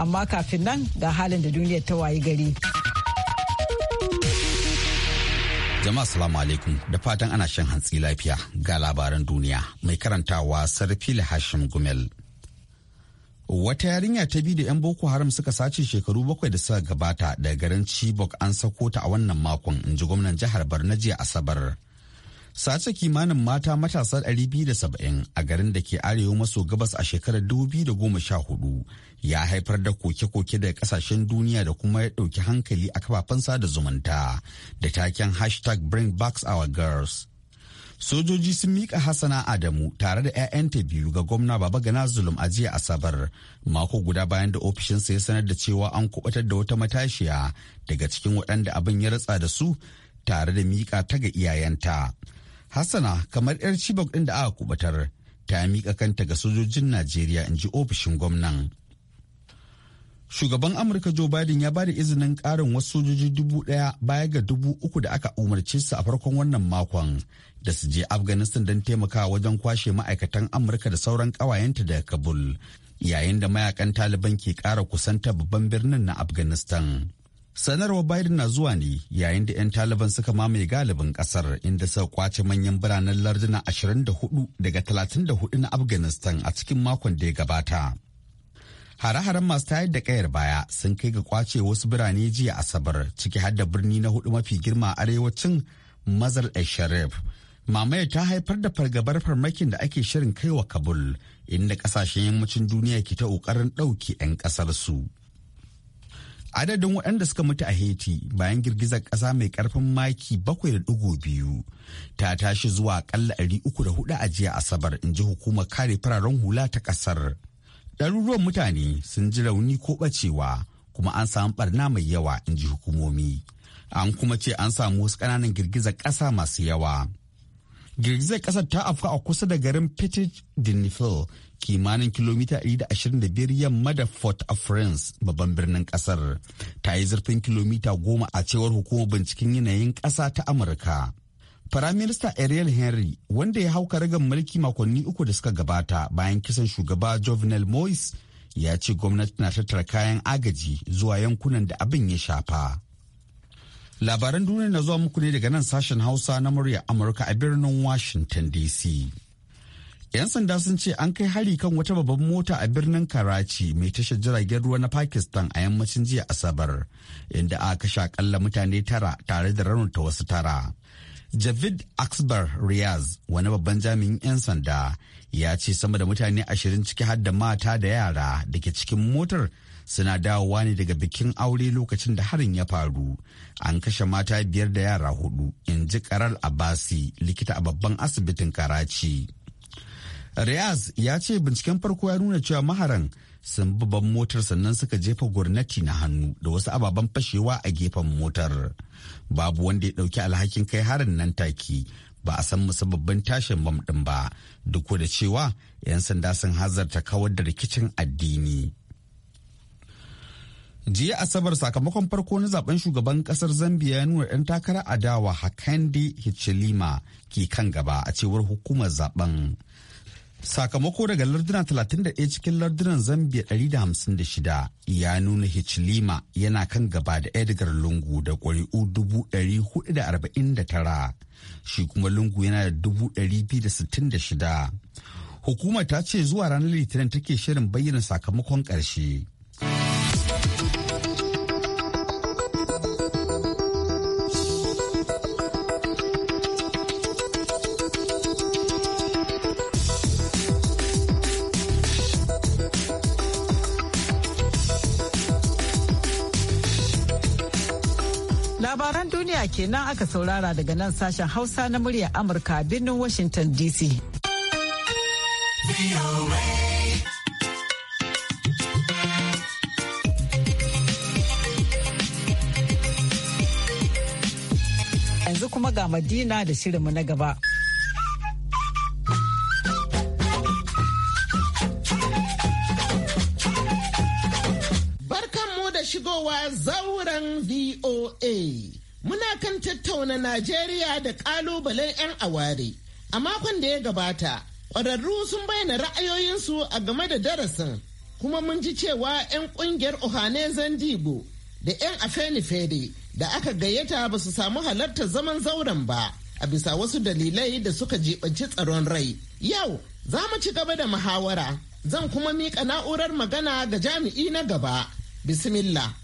amma kafin nan ga halin da duniyar ta wayi gari. Jama'a salamu alaikum da fatan ana shan hantsi lafiya ga labaran duniya mai karantawa sarfila Hashim Gumel. Wata yarinya ta biyu da 'yan Boko Haram suka sace shekaru bakwai da suka gabata daga garin Chibok an sako ta a wannan makon in ji gwamnan jihar barna jiya Asabar. sace kimanin mata matasa 270 a garin da ke arewa maso gabas a shekarar 2014 ya haifar da koke-koke daga kasashen duniya da kuma ya ɗauki hankali a kafafen sada zumunta da taken hashtag bring back our girls sojoji sun mika hassana adamu tare da 'ya'yanta biyu ga gwamna baba gana zulum a jiya asabar mako guda bayan da ofishinsa ya sanar da cewa an kubatar da wata matashiya daga cikin waɗanda abin ya ratsa da su tare da miƙa ta ga iyayenta hassana kamar 'yar chibok ɗin da aka kubatar ta miƙa kanta ga sojojin najeriya in ji ofishin gwamnan shugaban amurka joe biden ya da izinin ƙarin wasu sojoji dubu ɗaya baya ga dubu uku da aka umarce su a farkon wannan makon da su je afghanistan don taimakawa wajen kwashe ma'aikatan amurka da sauran ƙawayenta daga kabul yayin da mayakan taliban ke ƙara kusanta babban birnin na afghanistan sanarwar biden na zuwa ne yayin da 'yan taliban suka mamaye galibin kasar inda suka kwace manyan biranen larduna 24 daga 34 na afghanistan a cikin makon da ya gabata hare-haren masu tayar da kayar baya sun kai ga kwace wasu birane jiya asabar ciki har da birni na hudu mafi girma a arewacin mazar sharif mamaya ta haifar da fargabar farmakin da ake shirin kaiwa kabul inda kasashen yammacin duniya ke ta ƙoƙarin ɗauke 'yan ƙasarsu. su Adadin waɗanda suka mutu a Haiti bayan girgizar ƙasa mai ƙarfin maki 7.2 ta tashi zuwa ƙalla 304 a jiya Asabar in ji hukumar kare fararen hula ta ƙasar. Ɗaruruwan mutane sun ji rauni ko ɓacewa kuma an samu ɓarna mai yawa in ji hukumomi. An kuma ce an samu wasu ƙananan girgizar ƙasa masu yawa. girgizar kasar ta afka a kusa da garin petit dinifil kimanin kilomita 125 yamma da fort a france babban birnin kasar ta yi zurfin kilomita goma a cewar hukumar binciken yanayin kasa ta amurka Firaminista Ariel Henry wanda ya hauka ragar mulki makonni uku da suka gabata bayan kisan shugaba Jovenel Moise ya ce gwamnati na tattara kayan agaji zuwa yankunan da abin ya shafa. Labaran duniya na zuwa muku ne daga nan sashen Hausa na murya Amurka a birnin Washington DC. 'Yan sanda sun ce an kai hari kan wata babban mota a birnin Karachi mai tashar jiragen ruwa na Pakistan a yammacin jiya Asabar, inda aka kashe akalla mutane tara tare da raunata wasu tara. Javid axbar Riaz, wani babban jami'in 'yan sanda, ya ce sama da mutane ashirin ciki har da mata da yara da ke cikin motar suna dawowa ne daga bikin aure lokacin da harin ya faru an kashe mata biyar da yara hudu in ji karal abasi likita a babban asibitin karachi reyes ya ce binciken farko ya nuna cewa maharan sun babban motar sannan suka jefa gwamnati na hannu da wasu ababen fashewa a gefen motar babu wanda ya dauki alhakin kai harin nan take ba a san musabbabin tashin bam din ba duk da cewa 'yan sanda sun hazarta kawar da rikicin addini jiya asabar sakamakon farko na zaben shugaban kasar zambia ya nuna ɗan takara adawa hakande hichilima ke kan gaba a cewar hukumar zaben sakamako daga larduna 31 cikin lardunan zambia 156 ya nuna hichilima yana kan gaba da edgar lungu da ƙuri'u 449 shi kuma lungu yana da 266 hukumar ta ce zuwa ranar litinin take shirin bayyana sakamakon ƙarshe duniya kenan aka saurara daga nan sashen Hausa na muryar Amurka birnin Washington DC. Yanzu kuma ga Madina da shirinmu na gaba. da shigowa zauren VOA. tattauna Najeriya da kalubalen 'yan aware. A makon da ya gabata, ƙwararru sun bayyana ra'ayoyinsu a game da darasin, kuma mun ji cewa 'yan ƙungiyar Ohane Zandibo da 'yan Afenifere da aka gayyata ba su samu halartar zaman zauren ba, a bisa wasu dalilai da suka jibanci tsaron rai. Yau, za mu ci gaba da muhawara, zan kuma miƙa na'urar magana ga jami'i na gaba. Bismillah.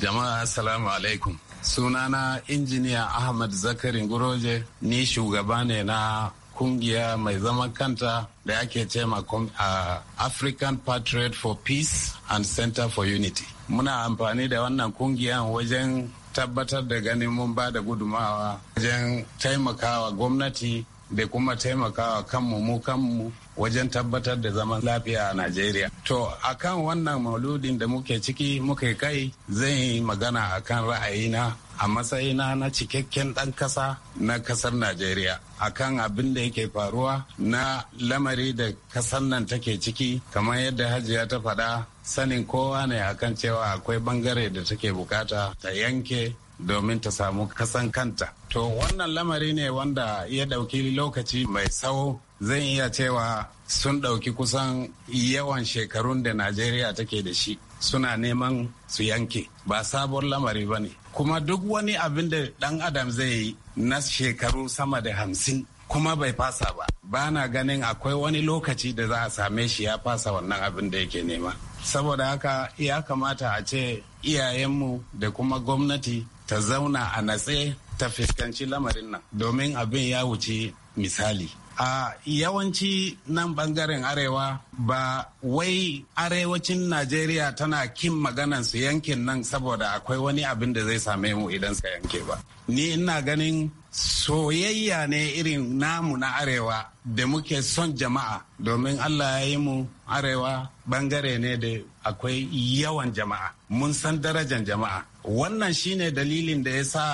Jama'a, Assalamu alaikum. sunana injiniya ahmad zakari guroje ni shugaba ne na kungiya mai zaman kanta da ake cema uh, african patriot for peace and center for unity muna amfani da wannan kungiyan wajen tabbatar da ganin mun ba da gudumawa wajen taimakawa gwamnati da kuma taimakawa kanmu mu kanmu wajen tabbatar da zaman lafiya a Najeriya. To, a kan wannan mauludin da muke ciki muke kai zai yi magana a kan ra'ayina a matsayina na cikakken ɗan ƙasa na ƙasar Najeriya A kan abin da yake faruwa na lamari da ƙasar nan take ciki kamar yadda hajiya ta faɗa sanin kowa ne akan cewa akwai bangare da take bukata ta yanke domin ta samu kasan kanta. To wannan lamari ne wanda ya ɗauki lokaci mai tsawo zan iya cewa sun ɗauki kusan yawan shekarun da najeriya take da shi suna neman su yanke ba sabon lamari ba ne kuma duk wani abin da ɗan adam zai yi na shekaru sama da hamsin kuma bai fasa ba ba na ganin akwai wani lokaci da za a same shi ya fasa wannan abin da yake nema saboda haka ya kamata a ce iyayenmu da kuma gwamnati ta zauna a natse ta fuskanci lamarin nan domin abin ya wuce misali a yawanci nan bangaren arewa ba wai arewacin najeriya tana kin maganan su yankin nan saboda akwai wani abin da zai same mu idan suka yanke ba ni ina ganin soyayya ne irin namu na arewa da muke son jama'a domin allah ya yi mu arewa bangare ne da akwai yawan jama'a mun san darajan jama'a wannan shine dalilin da ya sa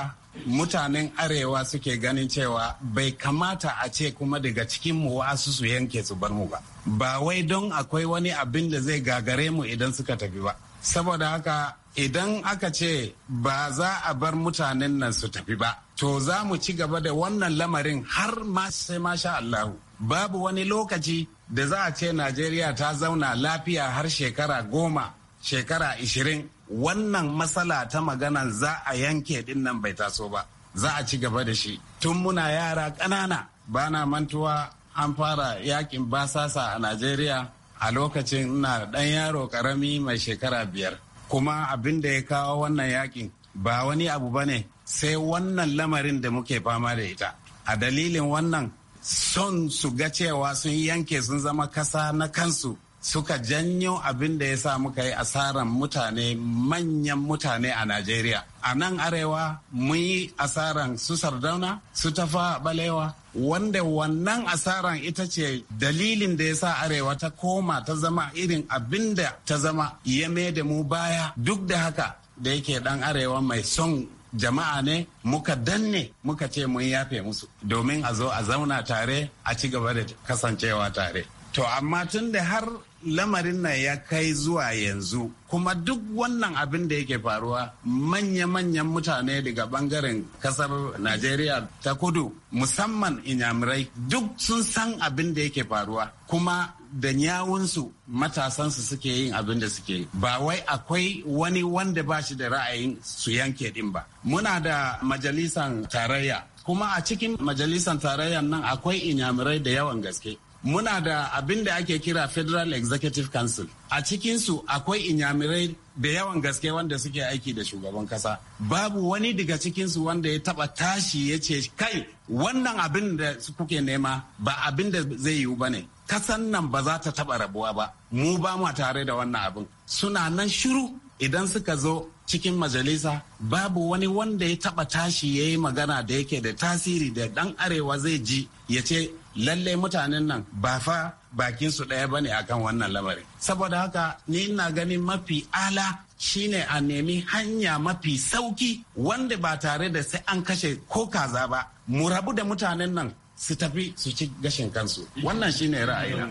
mutanen arewa suke ganin cewa bai kamata a ce kuma daga cikin mu wasu su yanke su bar mu ba ba wai don akwai wani abin da zai gagare mu idan suka tafi ba saboda haka idan aka ce ba za a bar mutanen nan su tafi ba to za mu ci gaba da wannan lamarin har ma sai masha Allahu babu wani lokaci da za a ce Najeriya ta zauna lafiya har shekara goma shekara ishirin wannan matsala ta magana za a yanke din nan bai taso ba za a ci gaba da shi tun muna yara ƙanana bana mantuwa an fara yakin basasa a najeriya a lokacin na ɗan yaro ƙarami mai shekara biyar kuma abin da ya kawo wannan yakin ba wani abu ba ne sai wannan lamarin da muke fama da ita a dalilin wannan son su ga cewa sun yanke sun zama kasa na kansu suka janyo abin da ya sa muka yi asaran mutane manyan mutane a Najeriya. A nan arewa mun yi asaran su sardauna su tafa balewa wanda wannan asaran ita ce dalilin da ya sa arewa ta koma ta zama irin abin da ta zama ya da mu baya duk da haka da yake dan arewa mai son jama'a ne muka danne muka ce mun yafe musu domin a zo a zauna tare a ci gaba da kasancewa tare. To amma tun da har lamarin nan ya kai zuwa yanzu kuma duk wannan abin da yake faruwa manya-manyan mutane daga bangaren kasar najeriya ta kudu musamman inyamurai duk sun san abin da yake faruwa kuma da nyawunsu matasansu suke yin abin da suke yi ba wai akwai wani wanda ba shi da ra'ayin su yanke din ba muna da majalisan tarayya kuma a cikin majalisan tarayyan nan akwai inyamurai da yawan gaske muna da abin da ake kira federal executive council a cikinsu akwai inyamirai da yawan gaske wanda suke aiki da shugaban kasa babu wani daga cikinsu wanda ya taba tashi ya ce kai wannan abin da kuke nema ba abin da zai yiwu ba ne kasan nan ba za ta taba rabuwa ba mu ba mu tare da wannan abin suna nan shiru idan suka zo cikin majalisa babu wani wanda ya taba tashi ya yi magana da yake da tasiri da dan arewa zai ji ya ce lallai mutanen nan ba fa bakin su ne bane akan wannan lamarin saboda haka ni ina gani mafi ala shine a nemi hanya mafi sauki wanda ba tare da sai an kashe ko kaza ba mu rabu da mutanen nan su tafi su ci gashin kansu wannan shine ra'ayina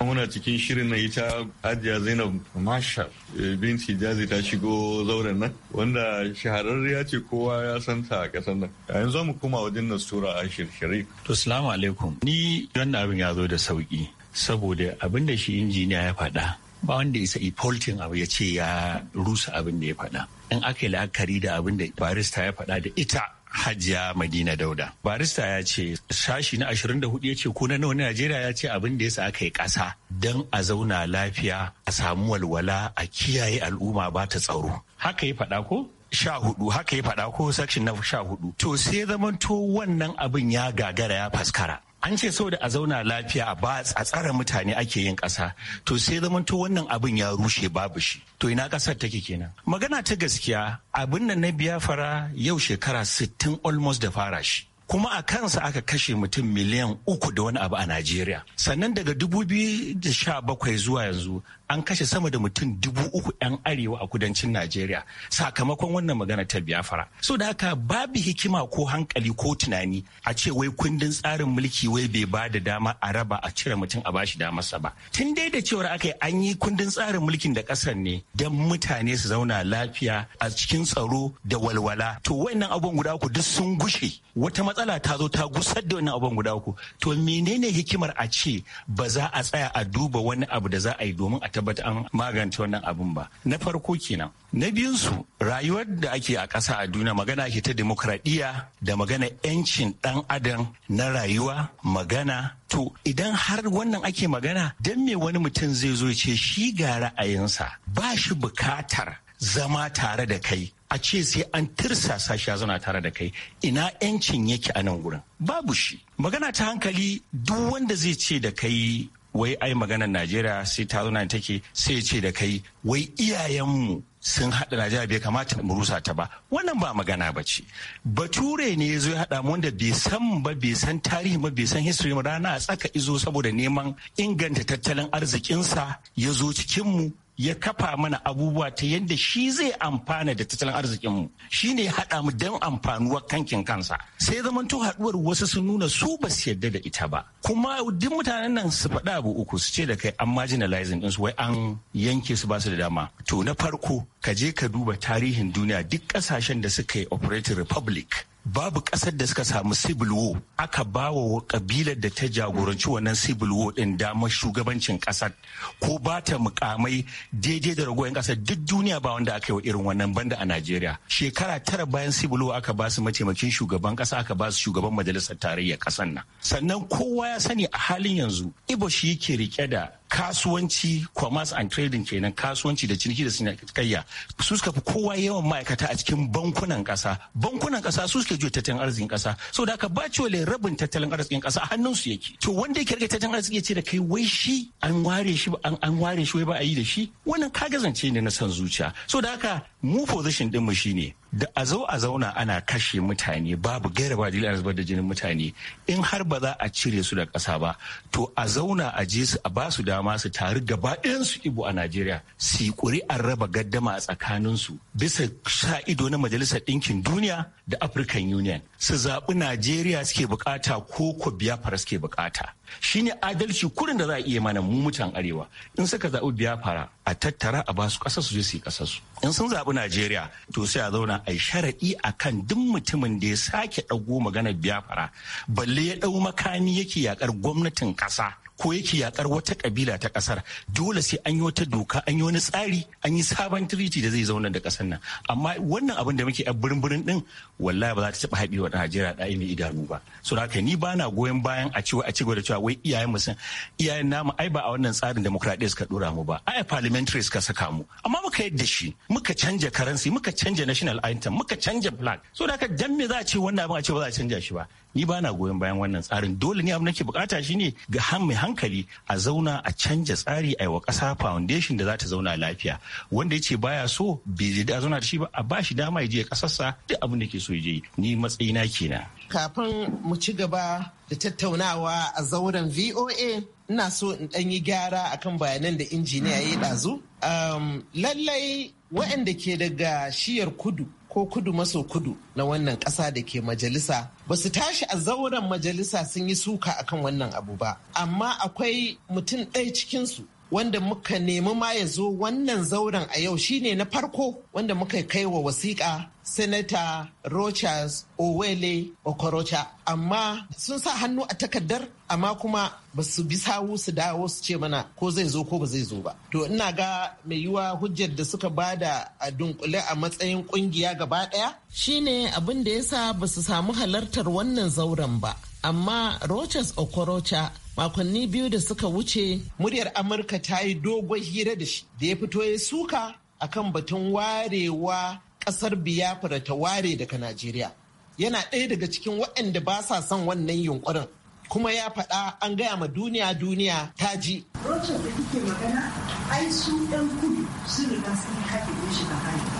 muna cikin shirin na ita ajiya zainab masha eh, binti jazi ta shigo zauren nan wanda shahararriya ce kowa ya san ta a kasar nan yanzu mu koma wajen nasura a sharif to salamu alaikum ni wannan abin ya zo da sauki saboda abin da shi injiniya ya faɗa ba wanda isa ipoltin abu ya ce ya rusa abin da ya faɗa in aka yi la'akari da abin da barista ya faɗa da ita Hajiya Madina Dauda. Barista ya ce sashi na 24 ya ce ko na Najeriya ya ce abin da ya sa aka yi ƙasa don a zauna lafiya a samu walwala a kiyaye al'umma ba ta tsaro. Haka ya faɗa ko? sha hudu haka ya faɗa ko section na sha hudu to sai zamanto wannan abin ya gagara ya faskara an ce saboda a zauna lafiya ba a tsara mutane ake yin ƙasa to sai zamanto wannan abin ya rushe babu shi to ina ƙasar take kenan magana ta gaskiya abin nan na biya fara yau shekara 60 almost da fara shi kuma a kansa aka kashe mutum miliyan uku da wani abu a Najeriya. Sannan daga 2017 zuwa yanzu an kashe sama da mutum dubu uku 'yan arewa a kudancin najeriya sakamakon wannan magana ta biyafara so da haka babu hikima ko hankali ko tunani a ce wai kundin tsarin mulki wai bai ba da dama a raba a cire mutum a bashi sa ba tun dai da cewar aka yi an yi kundin tsarin mulkin da kasar ne don mutane su zauna lafiya a cikin tsaro da walwala to wayannan abubuwan guda uku duk sun gushe wata matsala ta zo ta gusar da wannan abubuwan guda uku to menene hikimar a ce ba za a tsaya a duba wani abu da za a yi domin a tabbata an magance wannan abin ba na farko kenan na biyunsu rayuwar da ake a ƙasa a duniya magana ake ta demokradiyya da magana 'yancin ɗan adam na rayuwa magana to idan har wannan ake magana dan me wani mutum zai zo ce shi ga ra'ayinsa ba shi bukatar zama tare da kai a ce sai an tirsasa shi zauna tare da kai ina 'yancin yake a nan wurin babu shi magana ta hankali duk wanda zai ce da kai wai ai maganar najeriya sai ta zo take sai ce da kai wai iyayenmu sun haɗa najeriya bai kamata mu rusa ta ba wannan ba magana ba ce bature ne ya zo ya haɗa mu wanda bai san ba bai san tarihi ba bai san history ba rana tsaka izo saboda neman inganta tattalin arzikinsa ya zo cikinmu ya kafa mana abubuwa ta yadda shi zai amfana da tattalin arzikinmu shi ne haɗa mu don amfanuwa kankin kansa sai zaman to haɗuwar wasu sun nuna su ba su yarda da ita ba kuma duk mutanen nan su faɗa abu uku su ce da kai an marginalizing ɗinsu wai an yanke su ba su da dama to na farko ka je ka duba tarihin duniya duk ƙasashen da suka yi operating republic babu ƙasar da suka samu civil war aka ba wa kabilar da ta jagoranci wannan civil war din damar shugabancin ƙasar ko ba ta mukamai daidai da ragowar ƙasar duk duniya ba wanda aka yi wa irin wannan banda a najeriya shekara tara bayan civil war aka ba su mataimakin shugaban ƙasa aka ba su shugaban majalisar tarayya ƙasar nan sannan kowa ya sani a halin yanzu ibo shi yake rike da kasuwanci commerce and trading kenan kasuwanci da ciniki da sinikayya su suka fi kowa yawan ma'aikata a cikin bankunan kasa bankunan kasa su suke juya tattalin arzikin kasa so da ka ba rabin tattalin arzikin kasa hannun su yake to wanda yake rage tattalin arziki ya ce da kai wai shi an ware shi an ware shi wai ba a yi da shi wannan kagazance ne na san zuciya so da haka mu position din mu shine da a zo a zauna ana kashe mutane babu gaira ba dalilin zubar da jinin mutane in har ba za a cire su da ƙasa ba to a zauna a je su a ba su dama su taru gaba su ibo a najeriya su yi ƙuri'ar raba gaddama a tsakaninsu bisa sa ido na majalisar ɗinkin duniya da african union su zaɓi najeriya suke bukata ko ko biyafara suke bukata shine adalci kurin da za a iya mana mu mutan arewa in suka zaɓi biyafara a tattara a su ƙasar su je su yi su in sun zaɓi najeriya to sai a zauna a sharaɗi a kan duk mutumin da ya sake ɗago maganar biyafara balle ya ɗau makami yake yakar gwamnatin ƙasa ko yake yakar wata kabila ta kasar dole sai an yi wata doka an yi wani tsari an yi sabon triti da zai zauna da kasar nan amma wannan abin da muke a birin din wallahi ba za ta taba haɗi wa Najeriya da ainihin idanu ba so haka ni ba na goyon bayan a cewa a cewa da cewa wai iyayen mu sun iyayen namu ai ba a wannan tsarin democratic suka dora mu ba ai parliamentary suka saka mu amma muka yadda shi muka canja currency muka canja national anthem muka canja flag so haka dan me za a ce wannan abin a ce ba za a canja shi ba ni ba na goyon bayan wannan tsarin dole ne abu nake bukata ne ga han mai hankali a zauna a canja tsari a yi wa ƙasa foundation da za ta zauna lafiya wanda ya ce baya so bai da zauna da shi ba a ba shi dama ya je kasarsa duk abin da ke so ya je ni na kenan kafin mu ci gaba da tattaunawa a zauren VOA ina so in ɗan yi gyara akan bayanan da injiniya ya yi ɗazu. Um, lallai waɗanda ke daga shiyar kudu ko kudu maso kudu na wannan ƙasa da ke majalisa ba su tashi a zauren majalisa sun yi suka akan wannan abu ba amma akwai mutum ɗaya cikinsu wanda muka nemi ma ya zo wannan zauren a yau shine na farko wanda muka kai wa wasiƙa Senator Rochas Owele Okorocha amma sun sa hannu a takardar amma kuma ba su bi sawu su dawo su ce mana ko zai zo ko ba zai zo ba. To ina ga mai yiwa hujjar da suka bada a dunkule a matsayin kungiya gaba daya shine abin da yasa ba su samu halartar wannan zauren ba. Amma Rochas Okorocha makonni biyu da suka wuce muryar amurka ta yi dogon hira da shi da ya fito ya suka akan batun warewa kasar biyafra ta ware daga najeriya yana ɗaya daga cikin waɗanda ba sa son wannan yunkurin kuma ya faɗa an gaya ma duniya duniya ta ji. Rochar da kike magana ai su ɗan kudu sun riga sun haɗe shi a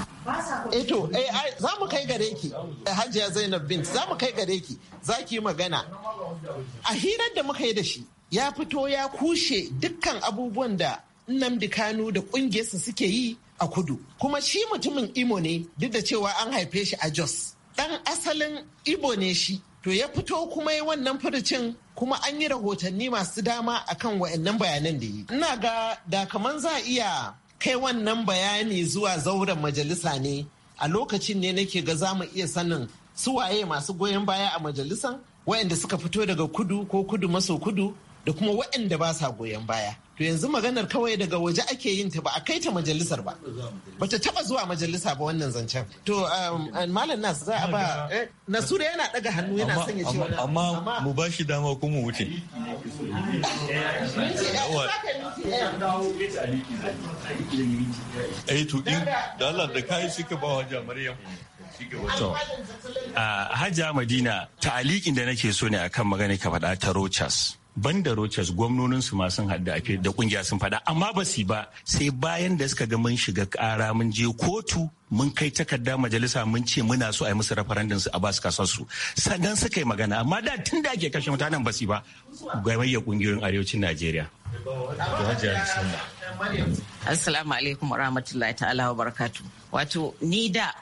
Eto, eh eh, ai za mu kai gare ki, eh, Hajiya Zainab Bint, za mu kai gare ki, za ki yi magana. A hirar da muka yi da shi, ya fito ya kushe dukkan abubuwan da Nnamdi Kanu da ƙungiyarsa suke yi a kudu. Kuma shi mutumin Imo ne duk da cewa an haife shi a Jos. Ɗan asalin Ibo ne shi, to ya fito kuma yi wannan furucin kuma an yi rahotanni masu dama akan wa'annan bayanan da yi ina ga da kaman za a iya kai wannan bayani zuwa zauren majalisa ne a lokacin ne nake ga za mu iya sanin su waye masu goyon baya a majalisan wayanda suka fito daga kudu ko kudu maso kudu da kuma waɗanda ba sa goyon baya to yanzu maganar kawai daga waje ake yin ta ba a kai ta majalisar ba Ba ta taba zuwa majalisa ba wannan zancen to um, malam nas za a ba eh, nasura yana daga hannu yana son ya ce wani amma mu ba shi dama kuma mu wuce eh to din da Allah da kai suka ba wa Maryam To, ah, Madina, da nake so ne akan magana ka faɗa ta Rochas. banda rochas gwamnonin su masu hadu a da kungiya sun fada amma ba su ba sai bayan da suka ga mun shiga kara mun je kotu mun kai takarda majalisa mun ce muna so a yi musu referendum su a ba su kasar su sannan suka yi magana amma da tun da ake kashe mutanen ba su ba gwamnati kungiyoyin arewacin najeriya assalamu alaikum warahmatullahi ta'ala wa barakatu wato ni da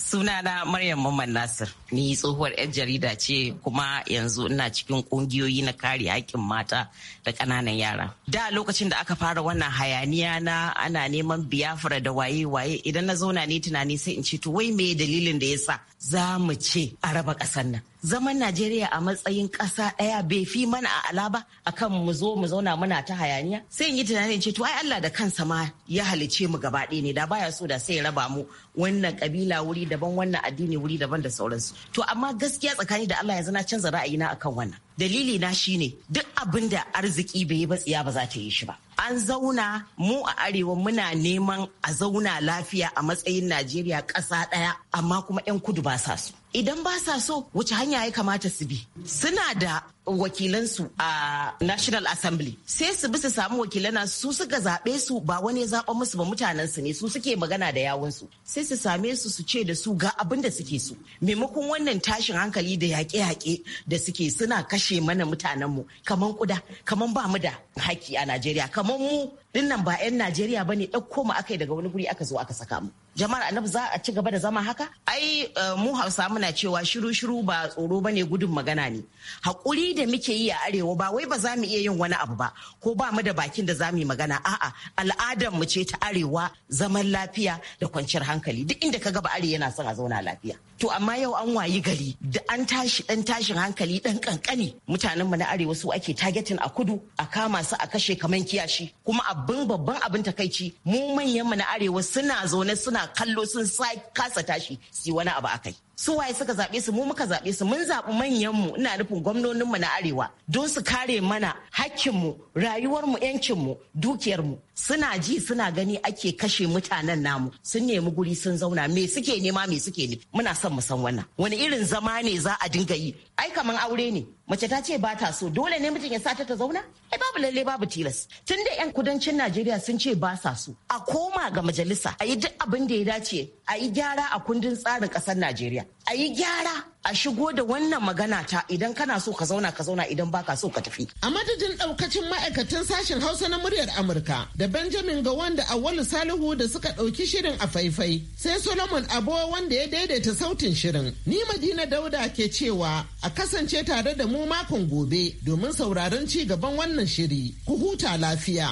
sunana Maryam Mamman Nasir. Ni tsohuwar 'yan jarida ce kuma yanzu ina cikin kungiyoyi na kare haƙƙin mata da ƙananan yara. Da lokacin da aka fara wannan hayaniya na ana neman biyafara da waye-waye idan na zauna ne tunani sai in ce to wai me dalilin da yasa za mu ce a raba ƙasar nan. Zaman Najeriya a matsayin ƙasa ɗaya bai fi mana a alaba akan mu zo mu zauna muna ta hayaniya. Sai in yi tunanin ce to ai Allah da kansa ma ya halice mu gaba ɗaya ne da baya so da sai ya raba mu wannan ƙabila wuri daban wannan addini wuri daban da sauransu to amma gaskiya tsakani da Allah Ya na canza ra'ayi na akan wannan dalili na shine duk abin da arziki bai yi ba tsiya ba za ta yi shi ba an zauna mu a arewa muna neman a zauna lafiya a matsayin najeriya ƙasa ɗaya amma kuma 'yan kudu ba sa su idan ba sa so wace hanya ya kamata su bi suna da wakilansu a national assembly sai su bi su samu wakilana su suka zaɓe su ba wani zaɓa musu ba mutanen su ne su suke magana da yawunsu sai su same su su ce da su ga abin da suke su. maimakon wannan tashin hankali da yaƙe-yaƙe da suke suna kashe mana mutanen mu kaman kuda kaman ba mu da haƙƙi a najeriya kaman mu dinnan ba 'yan najeriya ba ne ɗauko mu aka yi daga wani guri aka zo aka saka mu jama'ar annabi za a ci gaba da zama haka ai eh, mu hausa muna cewa shiru shiru ba tsoro ba ne gudun magana ne Haƙuri da muke yi a arewa ba wai ba za mu iya yin wani abu ba ko ba mu da bakin da za mu yi magana a'a al'adar mu ce ta arewa zaman lafiya da kwanciyar hankali duk inda ka gaba are yana son a zauna lafiya to amma yau an wayi gari da an tashi dan tashin hankali dan kankani mutanen mu na arewa su ake targetin a kudu a kama su a kashe kaman kiyashi kuma abin babban abin takaici mu manyan mu na arewa suna zaune suna suna kallo sun kasa tashi su yi wani abu akai su waye suka zaɓe su mu muka zaɓe su mun zaɓi manyanmu ina nufin gwamnoninmu na arewa don su kare mana hakkinmu rayuwarmu yancinmu dukiyarmu suna ji suna gani ake kashe mutanen namu sun nemi guri sun zauna me suke nema me suke ne muna son mu san wannan wani irin zama ne za a dinga yi ai kaman aure ne mace ta ce ba ta so dole ne mutum ya sa ta ta zauna ai babu lalle babu tilas tun da yan kudancin najeriya sun ce ba sa so a koma ga majalisa a yi duk abin da ya dace a yi gyara a kundin tsarin ƙasar najeriya a yi gyara a shigo da wannan magana ta idan kana so ka zauna ka zauna idan baka so ka tafi. A madadin daukacin ma'aikatan sashen Hausa na muryar Amurka da Benjamin ga wanda Awwalu Salihu da suka ɗauki shirin a faifai sai Solomon Abo wanda ya daidaita sautin shirin. Ni Madina Dauda ke cewa a kasance tare da mu makon gobe domin sauraron ci gaban wannan shiri. Ku huta lafiya.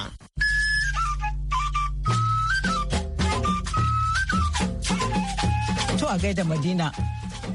To a gaida Madina.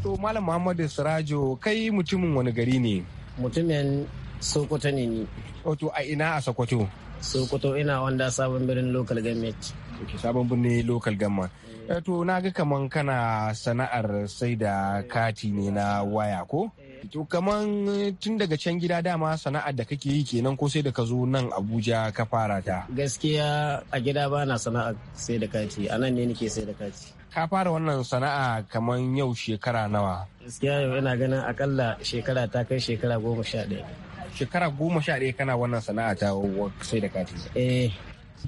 To Malam Muhammadu Sirajo kai mutumin wani gari ne? Mutumin Sokoto ne ni. Wato oh, a ina a Sokoto? Sokoto ina wanda sabon birnin local government. Okay, sabon birnin local government. Eh. Eh, to na ga kaman kana sana'ar sai da kati ne na waya ko? To kaman tun daga can gida dama sana'ar da kake yi kenan ko sai da ka zo nan Abuja ka fara ta? Gaskiya a gida ba na sana'ar sai da kati, a nan ne nake sai da kati. ka fara wannan sana'a kamar yau shekara nawa gaskiya yau ina ganin akalla shekara ta kai shekara goma sha ɗaya shekara goma sha ɗaya kana wannan sana'a ta sai da kati eh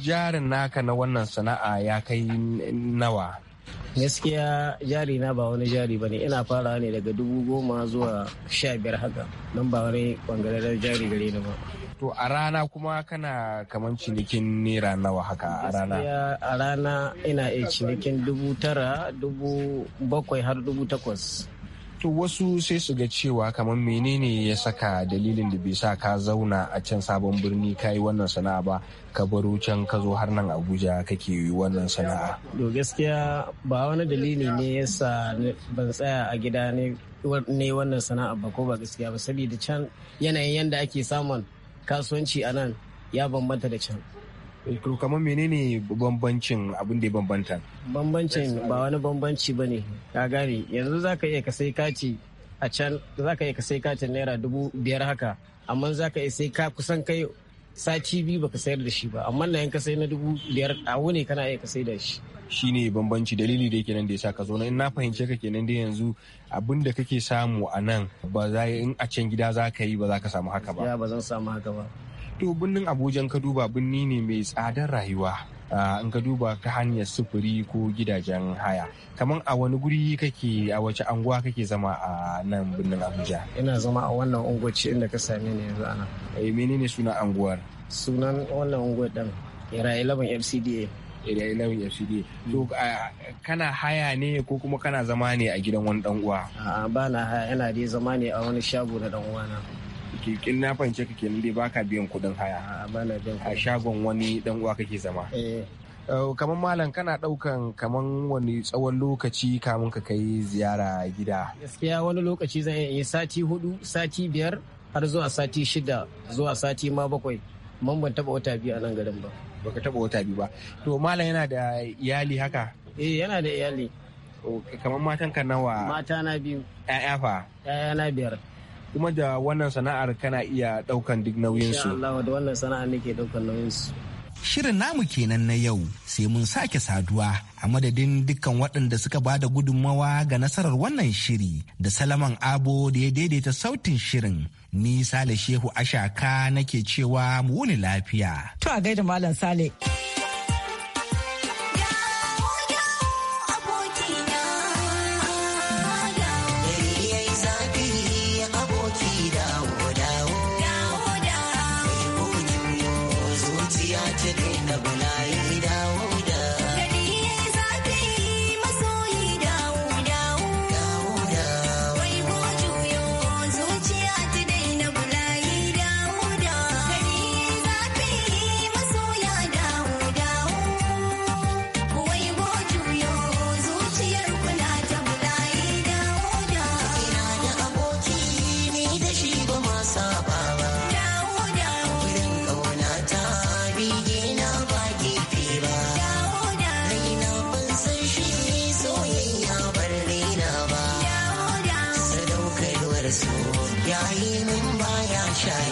jarin naka na wannan sana'a ya kai nawa gaskiya jari na ba wani jari ba ne ina fara ne daga dubu goma zuwa sha biyar haka don ba wani bangaren jari gare ni ba To a rana kuma kana kamar cinikin naira nawa haka a rana? A rana ina iya cinikin dubu tara, dubu bakwai har dubu takwas. To wasu sai su ga cewa kamar menene ya saka dalilin da bai sa ka zauna a can sabon birni ka yi wannan sana'a ba ka baro can ka zo har nan Abuja kake yi wannan sana'a. To gaskiya ba wani dalili ne ya sa ban tsaya a gida ne wannan sana'a ba ko ba gaskiya ba saboda can yanayin yanda ake samun kasuwanci a nan ya bambanta da can eh, kamar menene bambancin abin da ya bambanta bambancin ba wani bambanci ba ne ka gane yanzu za ka iya ka sai kaci a can za ka iya ka sai katin naira dubu biyar haka amma za ka iya sai kusan kai sati biyu baka sayar da shi ba amma na ka sai na dubu biyar a wuni kana iya ka sai da shi shi ne bambanci dalili da yake nan da sa ka zo in na fahimce ka kenan da yanzu abin da kake samu a nan ba za in a can gida za ka yi ba za ka samu haka ba ya ba zan samu haka ba to birnin abuja ka duba birni ne mai tsadar rayuwa Ah, in ka duba ta hanyar sufuri ko gidajen haya kamar a wani guri kake a wace anguwa kake zama a nan birnin abuja ina zama a wannan unguwaci inda ka same ni yanzu ana eh menene suna anguwar sunan wannan unguwar din ira 11 fcda ira 11 fcda to hmm. ah, kana haya ne ko kuma kana zama ne a gidan wani dan uwa a'a ba na haya ina dai zama ne a wani shago na dan uwa na kin na fahimce ka kenan dai baka biyan kuɗin haya a shagon wani dan uwa kake zama eh, eh, kamar malam kana ɗaukan kamar wani tsawon lokaci kamun ka kai ziyara gida gaskiya wani lokaci zan iya sati hudu sati biyar har zuwa sati shida zuwa sati ma bakwai man ban taba wata biyu a nan garin ba baka taba wata biyu ba to malam yana da iyali haka eh yana da iyali kamar matan ka nawa mata na biyu ƴaƴa fa ƴaƴa na biyar kuma da wannan sana'ar kana iya ɗaukan duk nauyinsu. da wannan sana'ar nake ɗaukan nauyinsu. Shirin namu kenan na yau sai mun sake saduwa a madadin dukkan waɗanda suka ba da gudunmawa ga nasarar wannan shiri da Salaman Abo da ya daidaita sautin shirin. Ni Sale Shehu Ashaka nake cewa mu wuni lafiya. To a gaida Malam Sale. Show.